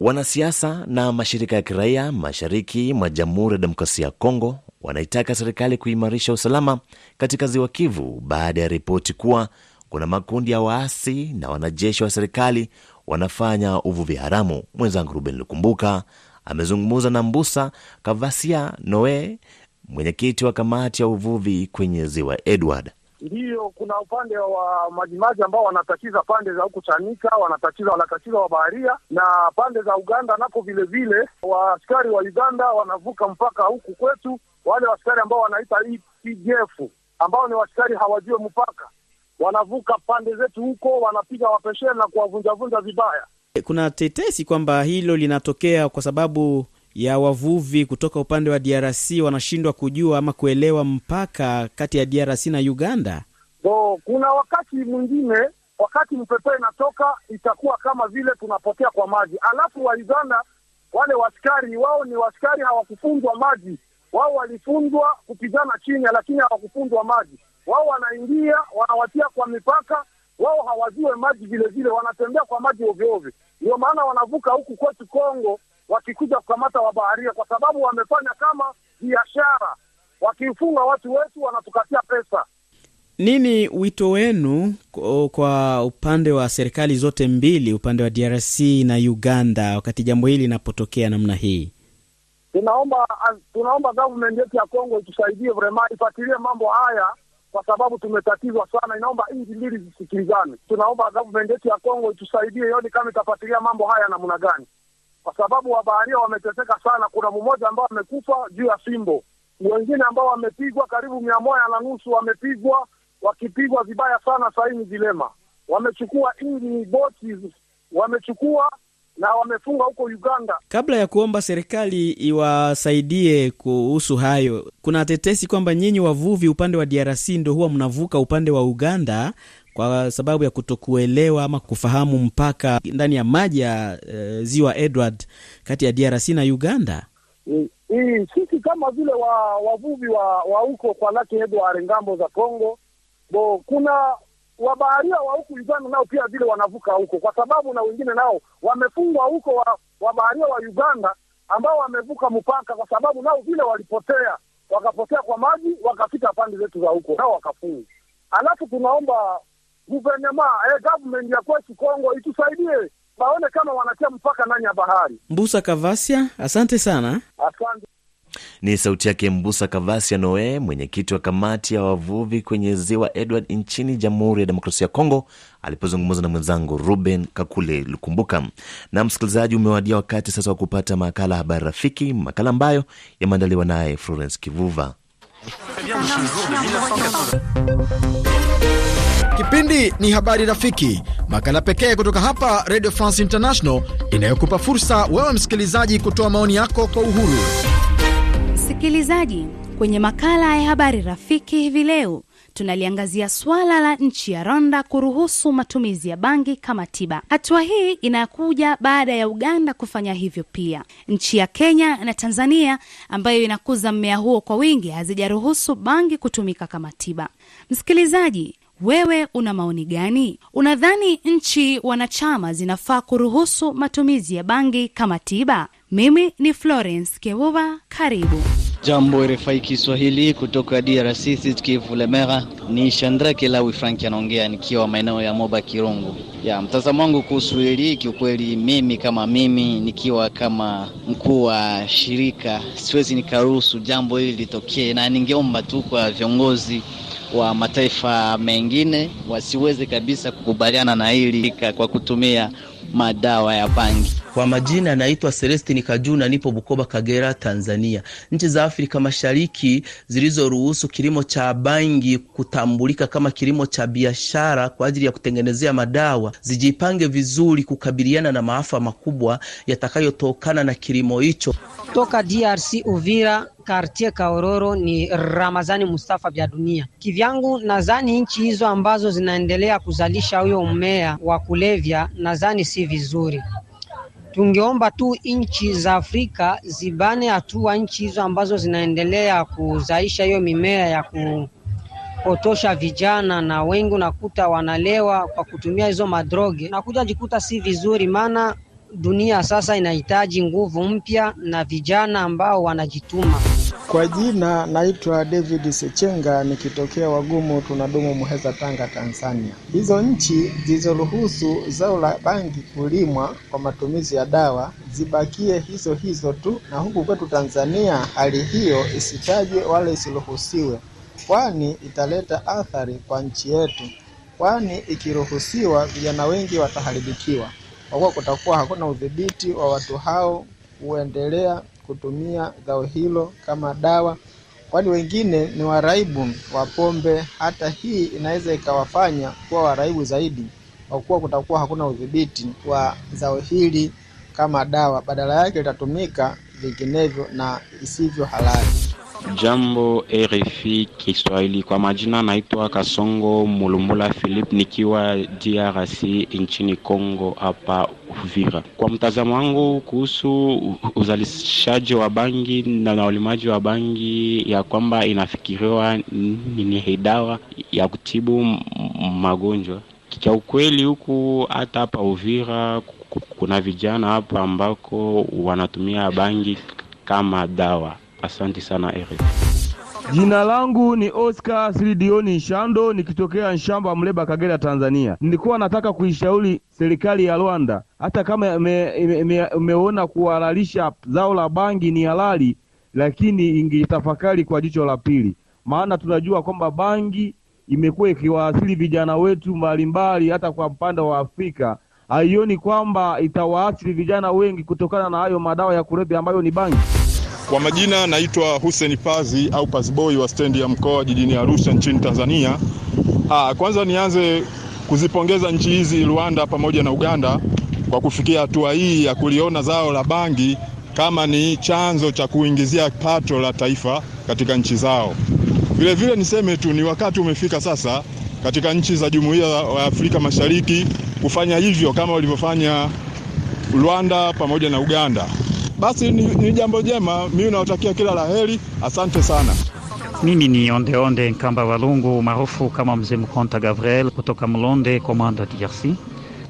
Wanasiasa na mashirika ya kiraia mashariki mwa Jamhuri ya Demokrasia ya Kongo wanaitaka serikali kuimarisha usalama katika Ziwa Kivu baada ya ripoti kuwa kuna makundi ya waasi na wanajeshi wa serikali wanafanya uvuvi haramu. Mwenzangu Ruben Lukumbuka amezungumza na Mbusa Kavasia Noe, mwenyekiti wa kamati ya uvuvi kwenye Ziwa Edward, Ndiyo, kuna upande wa majimaji ambao wanatatiza pande za huku Chanika, wanatatiza wanatatiza wa baharia na pande za Uganda nako vile vile, waaskari wa Uganda wanavuka mpaka huku kwetu, wale waaskari ambao wanaita EPDF ambao ni waaskari hawajue mpaka, wanavuka pande zetu huko, wanapiga wapeshee na kuwavunjavunja vibaya. Kuna tetesi kwamba hilo linatokea kwa sababu ya wavuvi kutoka upande wa DRC wanashindwa kujua ama kuelewa mpaka kati ya DRC na Uganda? So, kuna wakati mwingine wakati mpepeo inatoka itakuwa kama vile tunapotea kwa maji, alafu wa Uganda wale waskari wao ni waskari, hawakufunzwa maji. Wao walifunzwa kupigana chini, lakini hawakufunzwa maji. Wao wanaingia wanawatia kwa mipaka, wao hawajue maji, vilevile wanatembea kwa maji ovyoovyo. Ndio maana wanavuka huku kwetu Kongo wakikuja kukamata wabaharia, kwa sababu wamefanya kama biashara, wakifunga watu wetu wanatukatia pesa. Nini wito wenu kwa upande wa serikali zote mbili, upande wa DRC na Uganda, wakati jambo hili linapotokea namna hii? Tunaomba tunaomba government yetu ya Kongo itusaidie vrema, ifuatilie mambo haya kwa sababu tumetatizwa sana. Inaomba nchi mbili zisikilizane. Tunaomba government yetu ya Kongo itusaidie, yoni kama itafuatilia mambo haya namna gani kwa sababu wabaharia wameteseka sana. Kuna mmoja ambao amekufa juu ya fimbo, wengine ambao wamepigwa karibu mia moja na nusu wamepigwa, wakipigwa vibaya sana. Sasa ni vilema wamechukua injini boti wamechukua na wamefunga huko Uganda. Kabla ya kuomba serikali iwasaidie kuhusu hayo, kuna tetesi kwamba nyinyi wavuvi upande wa DRC ndo huwa mnavuka upande wa Uganda kwa sababu ya kutokuelewa ama kufahamu mpaka ndani ya maji ya uh, ziwa Edward kati ya DRC na Uganda. Hii eh, eh, sisi kama vile wa, wavuvi wa, wa kwa lake Edward ngambo za Kongo bo kuna wabaharia wa huku Uganda nao pia vile wanavuka huko, kwa sababu na wengine nao wamefungwa huko wa, wabaharia wa Uganda ambao wamevuka mpaka, kwa sababu nao vile walipotea wakapotea kwa maji wakafika pande zetu za huko nao wakafungwa. Alafu tunaomba guvernema eh, government ya kwetu Kongo itusaidie baone kama wanatia mpaka ndani ya bahari. Mbusa Kavasia, asante sana, asante. Ni sauti yake Mbusa Kavasia Noe, mwenyekiti wa kamati ya wavuvi kwenye ziwa Edward nchini Jamhuri ya Demokrasia ya Kongo, alipozungumza na mwenzangu Ruben Kakule Lukumbuka. Na msikilizaji, umewadia wakati sasa wa kupata makala Habari Rafiki, makala ambayo yameandaliwa naye Florence Kivuva. Kipindi ni Habari Rafiki, makala pekee kutoka hapa Radio France International inayokupa fursa wewe msikilizaji kutoa maoni yako kwa uhuru. Msikilizaji, kwenye makala ya Habari Rafiki hivi leo tunaliangazia swala la nchi ya Rwanda kuruhusu matumizi ya bangi kama tiba. Hatua hii inakuja baada ya Uganda kufanya hivyo pia. Nchi ya Kenya na Tanzania ambayo inakuza mmea huo kwa wingi hazijaruhusu bangi kutumika kama tiba. Msikilizaji, wewe una maoni gani? Unadhani nchi wanachama zinafaa kuruhusu matumizi ya bangi kama tiba? Mimi ni Florence Kevuva, karibu Jambo RFI Kiswahili kutoka DRC sud Lemera, ni Shandra Kelawi Frank anaongea nikiwa maeneo ya Moba Kirungu. Ya mtazamo wangu kuhusu hili, kiukweli mimi kama mimi nikiwa kama mkuu wa shirika siwezi nikaruhusu jambo hili litokee, na ningeomba tu kwa viongozi wa mataifa mengine wasiweze kabisa kukubaliana na hili kwa kutumia madawa ya bangi. Kwa majina anaitwa Celestini Kajuna, nipo Bukoba, Kagera, Tanzania. Nchi za Afrika Mashariki zilizoruhusu kilimo cha bangi kutambulika kama kilimo cha biashara kwa ajili ya kutengenezea madawa zijipange vizuri kukabiliana na maafa makubwa yatakayotokana na kilimo hicho. Toka DRC Uvira kartie Kaororo ni Ramazani Mustafa vya dunia. Kivyangu nadhani nchi hizo ambazo zinaendelea kuzalisha huyo mmea wa kulevya, nadhani si vizuri. Tungeomba tu nchi za Afrika zibane hatua nchi hizo ambazo zinaendelea kuzalisha hiyo mimea ya kupotosha vijana, na wengi unakuta wanalewa kwa kutumia hizo madroge, kuja jikuta si vizuri, maana dunia sasa inahitaji nguvu mpya na vijana ambao wanajituma. Kwa jina naitwa David Sechenga nikitokea Wagumu tunadumu Muheza Tanga Tanzania. Hizo nchi zilizoruhusu zao la bangi kulimwa kwa matumizi ya dawa zibakie hizo hizo tu, na huku kwetu Tanzania hali hiyo isitajwe wala isiruhusiwe, kwani italeta athari kwa nchi yetu, kwani ikiruhusiwa vijana wengi wataharibikiwa, kwa kuwa kutakuwa hakuna udhibiti wa watu hao kuendelea kutumia zao hilo kama dawa, kwani wengine ni waraibu wa pombe. Hata hii inaweza ikawafanya kuwa waraibu zaidi, kwa kuwa kutakuwa hakuna udhibiti wa zao hili kama dawa, badala yake litatumika vinginevyo na isivyo halali. Jambo RFI Kiswahili, kwa majina naitwa Kasongo Mulumbula Philip nikiwa DRC nchini Kongo hapa Uvira. Kwa mtazamo wangu kuhusu uzalishaji wa bangi na ulimaji wa bangi, ya kwamba inafikiriwa ni dawa ya kutibu magonjwa kwa ukweli, huku hata hapa Uvira kuna vijana hapa ambako wanatumia bangi kama dawa Asante sana Eric. Jina langu ni Oscar Silidioni Nshando nikitokea Nshamba Mleba Kagera Tanzania. Nilikuwa nataka kuishauri serikali ya Rwanda hata kama imeona me, kuhalalisha zao la bangi ni halali, lakini ingetafakari kwa jicho la pili, maana tunajua kwamba bangi imekuwa ikiwaathiri vijana wetu mbalimbali, hata kwa mpanda wa Afrika. Haioni kwamba itawaathiri vijana wengi kutokana na hayo madawa ya kulevya ambayo ni bangi. Kwa majina naitwa Hussein Pazi au Paziboi wa stendi ya mkoa jijini Arusha nchini Tanzania. Aa, ah, kwanza nianze kuzipongeza nchi hizi Rwanda pamoja na Uganda kwa kufikia hatua hii ya kuliona zao la bangi kama ni chanzo cha kuingizia pato la taifa katika nchi zao. Vilevile niseme tu ni wakati umefika sasa katika nchi za Jumuiya ya Afrika Mashariki kufanya hivyo kama walivyofanya Rwanda pamoja na Uganda. Basi ni, ni jambo jema, mimi nawatakia kila la heri, asante sana. Mimi ni Ondeonde Onde Nkamba Walungu maarufu kama Mzee Mkonta Gabriel kutoka Mlonde Komanda, DRC.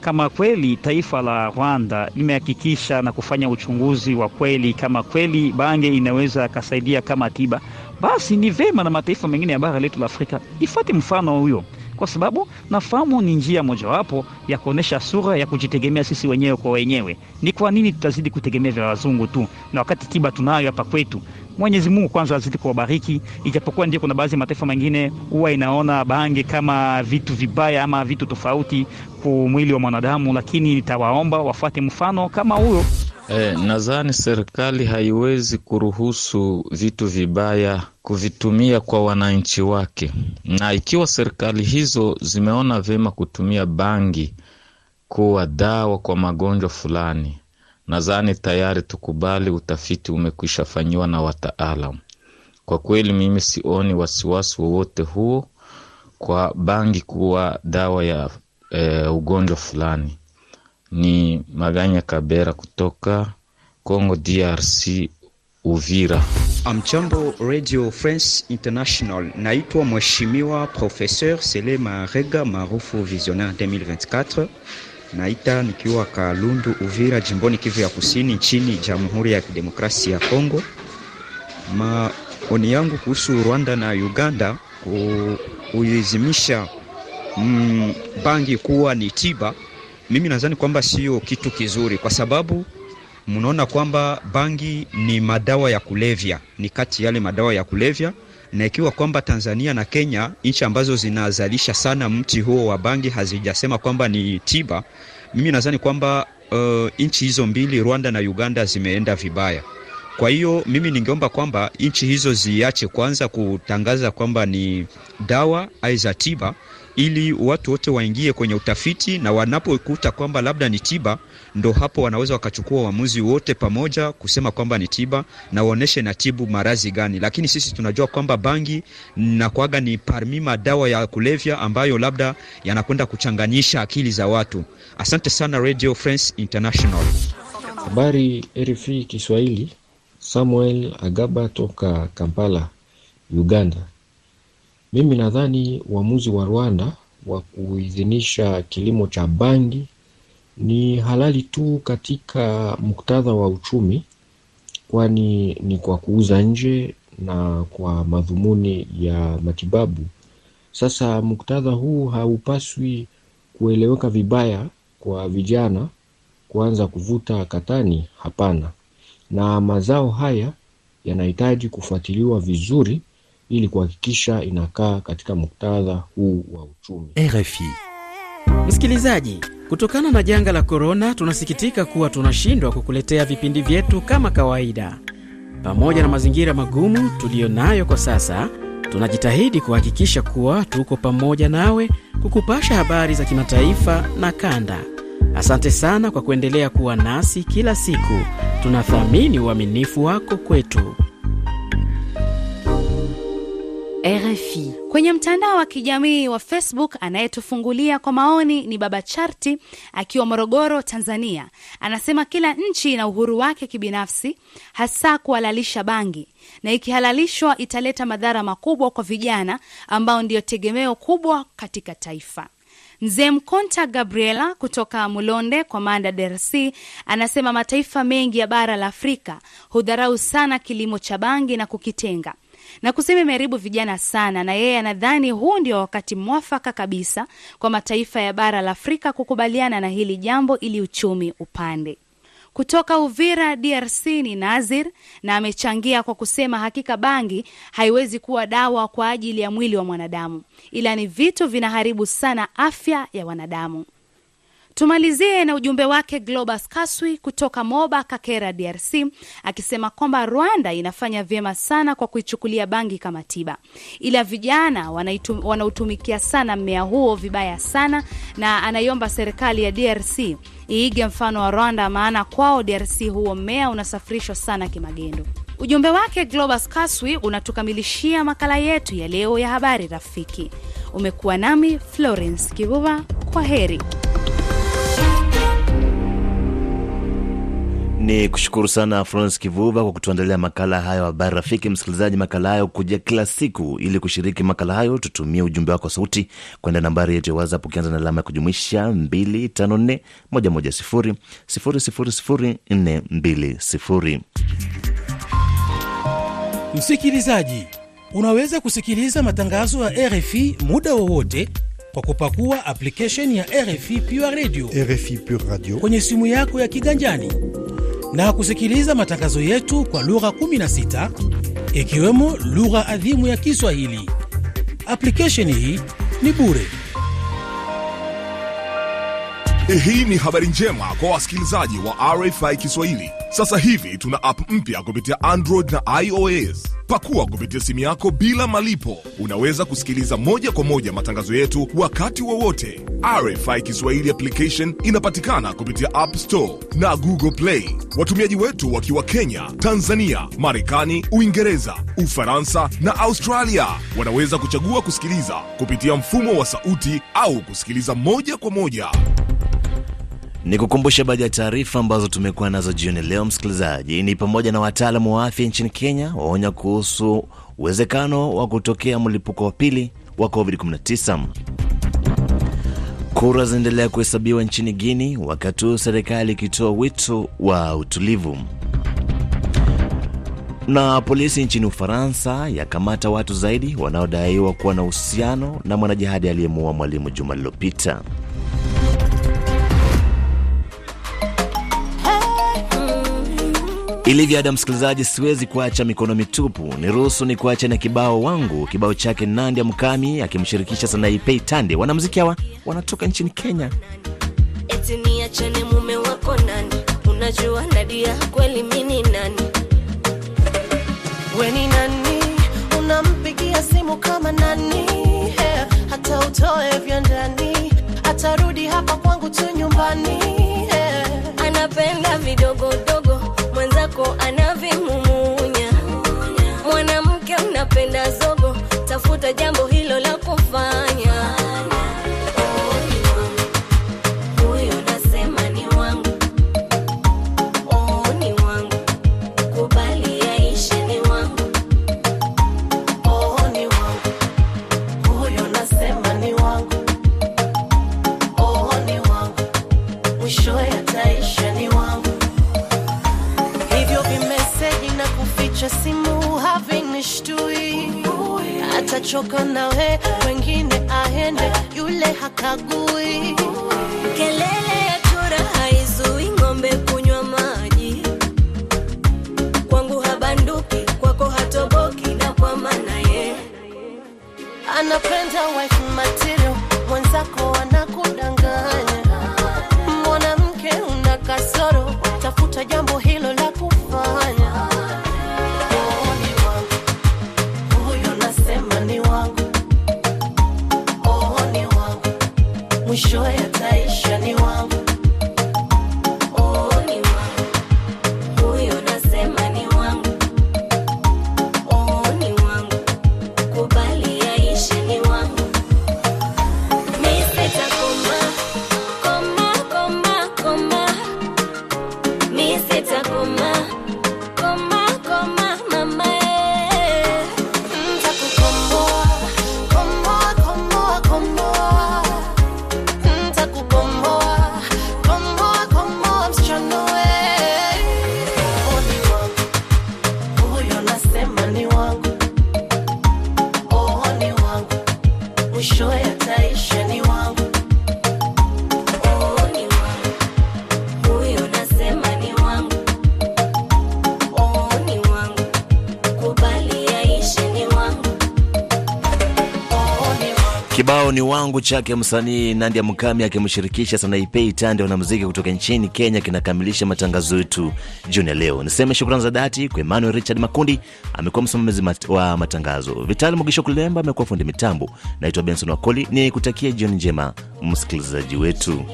Kama kweli taifa la Rwanda limehakikisha na kufanya uchunguzi wa kweli, kama kweli bange inaweza kasaidia kama tiba, basi ni vema na mataifa mengine ya bara letu la Afrika ifuate mfano huyo kwa sababu nafahamu ni njia mojawapo ya kuonesha sura ya kujitegemea sisi wenyewe kwa wenyewe. Ni kwa nini tutazidi kutegemea vya wazungu tu, na wakati tiba tunayo hapa kwetu? Mwenyezi Mungu kwanza azidi kuwabariki, ijapokuwa ndio kuna baadhi ya mataifa mengine huwa inaona bange kama vitu vibaya ama vitu tofauti kwa mwili wa mwanadamu, lakini nitawaomba wafuate mfano kama huyo. Eh, nadhani serikali haiwezi kuruhusu vitu vibaya kuvitumia kwa wananchi wake, na ikiwa serikali hizo zimeona vyema kutumia bangi kuwa dawa kwa magonjwa fulani, nadhani tayari tukubali utafiti umekwisha fanyiwa na wataalam Kwa kweli mimi sioni wasiwasi wowote huo kwa bangi kuwa dawa ya eh, ugonjwa fulani ni Maganya Kabera kutoka Congo DRC, Uvira. Amchambo Radio France International, naitwa Mheshimiwa Professeur Sele Marega maarufu Visionnaire 2024 naita nikiwa Kalundu, Uvira, jimboni Kivu ya Kusini, nchini Jamhuri ya Kidemokrasia ya Kongo. Maoni yangu kuhusu Rwanda na Uganda mm, bangi kuwa ni tiba mimi nadhani kwamba sio kitu kizuri, kwa sababu mnaona kwamba bangi ni madawa ya kulevya, ni kati yale madawa ya kulevya, na ikiwa kwamba Tanzania na Kenya, nchi ambazo zinazalisha sana mti huo wa bangi, hazijasema kwamba ni tiba, mimi nadhani kwamba uh, nchi hizo mbili Rwanda na Uganda zimeenda vibaya. Kwa hiyo mimi ningeomba kwamba nchi hizo ziache kwanza kutangaza kwamba ni dawa aiza za tiba ili watu wote waingie kwenye utafiti, na wanapokuta kwamba labda ni tiba, ndo hapo wanaweza wakachukua uamuzi wote pamoja kusema kwamba ni tiba na waoneshe na tibu marazi gani. Lakini sisi tunajua kwamba bangi na kwaga ni parmi madawa ya kulevya ambayo labda yanakwenda kuchanganyisha akili za watu. Asante sana Radio France International. Habari RFI Kiswahili, Samuel Agaba toka Kampala, Uganda. Mimi nadhani uamuzi wa Rwanda wa kuidhinisha kilimo cha bangi ni halali tu katika muktadha wa uchumi, kwani ni kwa kuuza nje na kwa madhumuni ya matibabu. Sasa muktadha huu haupaswi kueleweka vibaya kwa vijana kuanza kuvuta katani, hapana. Na mazao haya yanahitaji kufuatiliwa vizuri ili kuhakikisha inakaa katika muktadha huu wa uchumi. RFI. Msikilizaji, kutokana na janga la korona, tunasikitika kuwa tunashindwa kukuletea vipindi vyetu kama kawaida. Pamoja na mazingira magumu tuliyo nayo kwa sasa, tunajitahidi kuhakikisha kuwa tuko pamoja nawe kukupasha habari za kimataifa na kanda. Asante sana kwa kuendelea kuwa nasi kila siku. Tunathamini uaminifu wako kwetu. RFI. Kwenye mtandao wa kijamii wa Facebook, anayetufungulia kwa maoni ni Baba Charti akiwa Morogoro, Tanzania. Anasema kila nchi ina uhuru wake kibinafsi, hasa kuhalalisha bangi, na ikihalalishwa italeta madhara makubwa kwa vijana ambao ndio tegemeo kubwa katika taifa. Mzee Mkonta Gabriela kutoka Mulonde kwa Manda, DRC, anasema mataifa mengi ya bara la Afrika hudharau sana kilimo cha bangi na kukitenga na kusema imeharibu vijana sana, na yeye anadhani huu ndio wakati mwafaka kabisa kwa mataifa ya bara la Afrika kukubaliana na hili jambo ili uchumi upande. Kutoka Uvira, DRC ni Nazir na amechangia kwa kusema hakika bangi haiwezi kuwa dawa kwa ajili ya mwili wa mwanadamu, ila ni vitu vinaharibu sana afya ya wanadamu. Tumalizie na ujumbe wake Globas Kaswi kutoka Moba Kakera, DRC, akisema kwamba Rwanda inafanya vyema sana kwa kuichukulia bangi kama tiba, ila vijana wanautumikia sana mmea huo vibaya sana, na anaiomba serikali ya DRC iige mfano wa Rwanda, maana kwao DRC huo mmea unasafirishwa sana kimagendo. Ujumbe wake Globas Kaswi unatukamilishia makala yetu ya leo ya Habari Rafiki. Umekuwa nami Florence Kivuva, kwa heri. Ni kushukuru sana Florence Kivuva kwa kutuandalia makala hayo. Habari rafiki msikilizaji, makala hayo kuja kila siku. Ili kushiriki makala hayo, tutumie ujumbe wako sauti kwenda nambari yetu ya WhatsApp ukianza na alama ya kujumuisha 254110000420. Msikilizaji, unaweza kusikiliza matangazo ya RFI muda wowote kwa kupakua application ya RFI Pure Radio, RFI Pure Radio kwenye simu yako ya kiganjani na kusikiliza matangazo yetu kwa lugha 16 ikiwemo lugha adhimu ya Kiswahili. Application hii ni bure. Eh, hii ni habari njema kwa wasikilizaji wa RFI Kiswahili. Sasa hivi tuna app mpya kupitia Android na iOS Pakua kupitia simu yako bila malipo. Unaweza kusikiliza moja kwa moja matangazo yetu wakati wowote. Wa RFI Kiswahili application inapatikana kupitia App Store na Google Play. Watumiaji wetu wakiwa Kenya, Tanzania, Marekani, Uingereza, Ufaransa na Australia wanaweza kuchagua kusikiliza kupitia mfumo wa sauti au kusikiliza moja kwa moja. Ni kukumbusha baadhi ya taarifa ambazo tumekuwa nazo jioni leo, msikilizaji, ni pamoja na wataalamu wa afya nchini Kenya waonya kuhusu uwezekano wa kutokea mlipuko wa pili wa COVID-19. Kura zinaendelea kuhesabiwa nchini Guini, wakati huu serikali ikitoa wito wa utulivu. Na polisi nchini Ufaransa yakamata watu zaidi wanaodaiwa kuwa na uhusiano na mwanajihadi aliyemuua mwalimu juma lililopita. Ilivyo ada, msikilizaji, siwezi kuacha mikono mitupu. Niruhusu ni kuacha na kibao wangu, kibao chake Nandia Mkami Mukami akimshirikisha Sanaipei Tande. Wanamuziki hawa wanatoka nchini Kenya. Eti niachane mume wako nani? Unajua Nadia kweli mini nani? Weni nani? Unampigia simu kama nani? Hata utoe vya ndani, atarudi hapa kwangu tu nyumbani Kibao ni wangu chake msanii Nandia mkami akimshirikisha Sanaipei Tande, wanamuziki kutoka nchini Kenya, kinakamilisha matangazo yetu jioni ya leo. Niseme shukrani za dhati kwa Emmanuel Richard Makundi, amekuwa msimamizi mat wa matangazo. Vitali Mugisho Kulemba amekuwa fundi mitambo. Naitwa Benson Wakoli, ni kutakia jioni njema msikilizaji wetu.